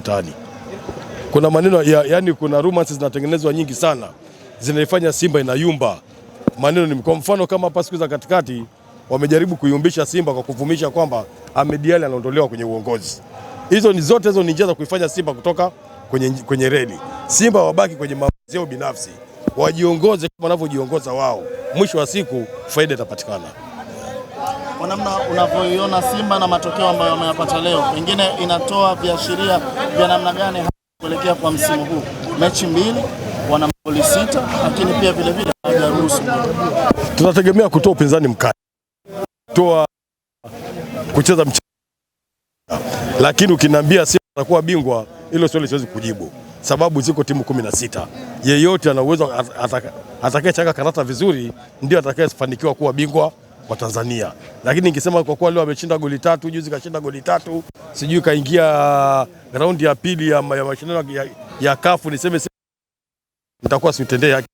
Mtaani kuna maneno ya, yani kuna rumors zinatengenezwa nyingi sana zinaifanya Simba inayumba. Maneno ni kwa mfano kama hapa siku za katikati wamejaribu kuyumbisha Simba kwa kuvumisha kwamba Ahmed Ally anaondolewa kwenye uongozi. Hizo ni zote hizo ni njia za kuifanya Simba kutoka kwenye, kwenye reli. Simba wabaki kwenye maamuzi yao binafsi, wajiongoze kama wanavyojiongoza wao. Mwisho wa siku faida itapatikana kwa namna unavyoiona Simba na matokeo ambayo wameyapata leo, pengine inatoa viashiria vya namna gani kuelekea kwa msimu huu? Mechi mbili, wana magoli sita, lakini pia vilevile hawajaruhusu. Tunategemea kutoa upinzani mkali, kutoa kucheza mchezo, lakini ukiniambia Simba atakuwa bingwa, hilo swali siwezi kujibu sababu ziko timu kumi na sita. Yeyote ana uwezo atakayechanga karata vizuri ndio atakayefanikiwa kuwa bingwa kwa Tanzania, lakini nikisema kwa kuwa leo ameshinda goli tatu, juzi kashinda goli tatu, sijui kaingia raundi ya pili ya, ya mashindano ya, ya kafu, niseme nitakuwa siutendee haki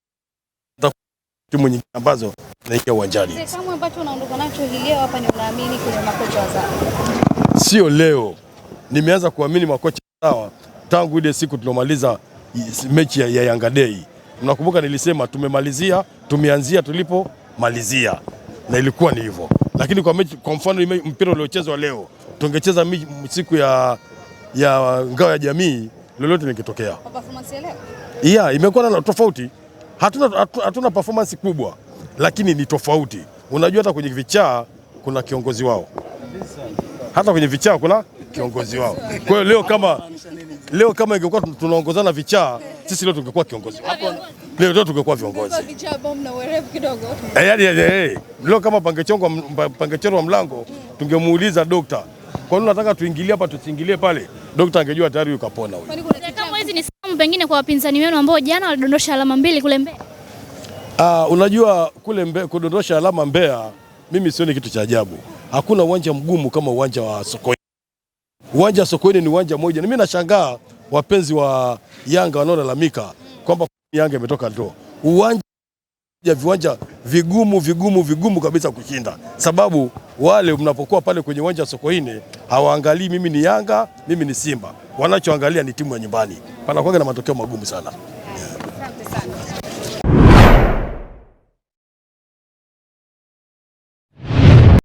timu nyingine ambazo naingia uwanjani. Kama ambacho unaondoka nacho hii leo hapa, ni unaamini makocha Sio leo, nimeanza kuamini makocha sawa tangu ile siku tulomaliza mechi ya, ya Yanga Day. Mnakumbuka nilisema tumemalizia, tumeanzia tulipomalizia na ilikuwa ni hivyo, lakini kwa mechi, kwa mfano mpira uliochezwa leo tungecheza siku ya, ya ngao ya jamii, lolote likitokea. Performance ya leo imekuwa na tofauti. Hatuna, hatuna performance kubwa, lakini ni tofauti. Unajua hata kwenye vichaa kuna kiongozi wao, hata kwenye vichaa kuna kiongozi wao. Kwa hiyo leo kama leo kama ingekuwa tunaongozana vichaa, sisi leo tungekuwa kiongozi wao. Leo leo tungekuwa viongozi. Eh, eh, eh, leo kama pangechongwa wa mlango, tungemuuliza dokta, kwa nini unataka tuingilie hapa tusiingilie pale? Dokta angejua tayari yuko kapona huyo. Hizi ni salamu pengine kwa wapinzani wenu ambao jana walidondosha alama mbili kule Mbeya. Ah, unajua kule mbe, kudondosha alama Mbeya mimi sioni kitu cha ajabu. Hakuna uwanja mgumu kama uwanja wa Sokoine uwanja wa Sokoine ni uwanja mmoja, na mimi nashangaa wapenzi wa Yanga wanaolalamika kwamba Yanga imetoka ndo Uwanja ya viwanja vigumu vigumu vigumu kabisa kushinda, sababu wale mnapokuwa pale kwenye uwanja wa Sokoine hawaangalii mimi ni Yanga, mimi ni Simba, wanachoangalia ni timu ya nyumbani, panakuwa na matokeo magumu sana.